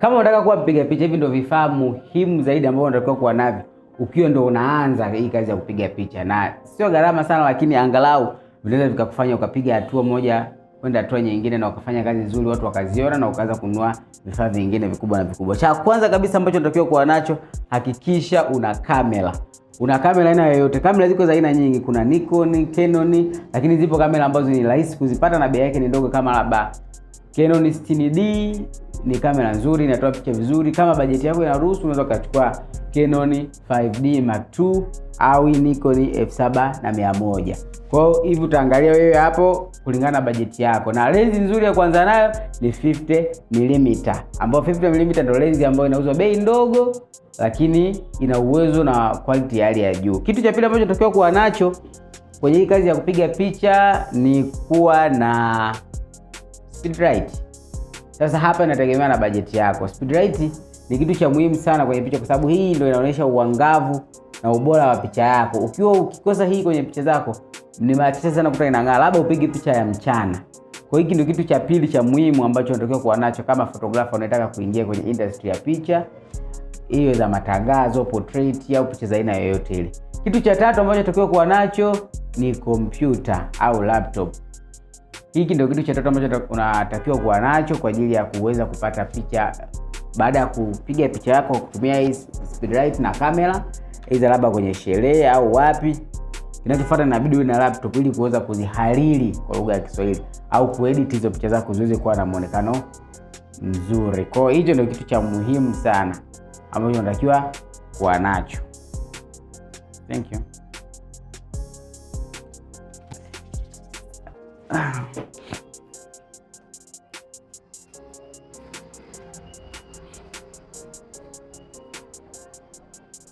Kama unataka kuwa mpiga picha, hivi ndio vifaa muhimu zaidi ambavyo unatakiwa kuwa navyo ukiwa ndio unaanza hii kazi ya kupiga picha, na sio gharama sana, lakini angalau vinaweza vikakufanya ukapiga hatua moja kwenda hatua nyingine, na ukafanya kazi nzuri, watu wakaziona na ukaanza kununua vifaa vingine vikubwa na vikubwa. Cha kwanza kabisa ambacho unatakiwa kuwa nacho, hakikisha una kamera. Una kamera aina yoyote. Kamera ziko za aina nyingi, kuna Nikon, Canon, lakini zipo kamera ambazo ni rahisi kuzipata na bei yake ni ndogo, kama labda Canon 60D ni kamera nzuri, inatoa picha vizuri. Kama bajeti yako inaruhusu, unaweza ukachukua Canon 5D Mark II au Nikon f 100. Kwa hiyo hivi utaangalia wewe hapo kulingana na bajeti yako, na lenzi nzuri ya kwanza nayo ni 50 mm, ambayo 50 mm ndio lenzi ambayo inauzwa bei ndogo, lakini ina uwezo na quality ya hali ya juu. Kitu cha pili ambacho unatakiwa kuwa nacho kwenye hii kazi ya kupiga picha ni kuwa na speed rate. Sasa hapa inategemea na bajeti yako. Speed rate ni kitu cha muhimu sana kwenye picha, kwa sababu hii ndio inaonyesha uangavu na ubora wa picha yako. Ukiwa ukikosa hii kwenye picha zako, ni mara sana kuta inang'aa, labda upige picha ya mchana. Kwa hiki ndio kitu cha pili cha muhimu ambacho unatakiwa kuwa nacho kama photographer unataka kuingia kwenye industry ya picha, iwe za matangazo, portrait au picha za aina yoyote ile. Kitu cha tatu ambacho unatakiwa kuwa nacho ni kompyuta au laptop. Hiki ndio kitu cha tatu ambacho unatakiwa kuwa nacho kwa ajili ya kuweza kupata picha baada ya kupiga picha yako kutumia hii light na kamera, iza labda kwenye sherehe au wapi. Kinachofuata inabidi uwe na laptop ili kuweza kuzihariri kwa lugha ya Kiswahili au kuedit hizo picha zako ziweze kuwa na muonekano mzuri. Kwa hiyo hicho ndio kitu cha muhimu sana ambacho unatakiwa kuwa nacho. Thank you. Uh,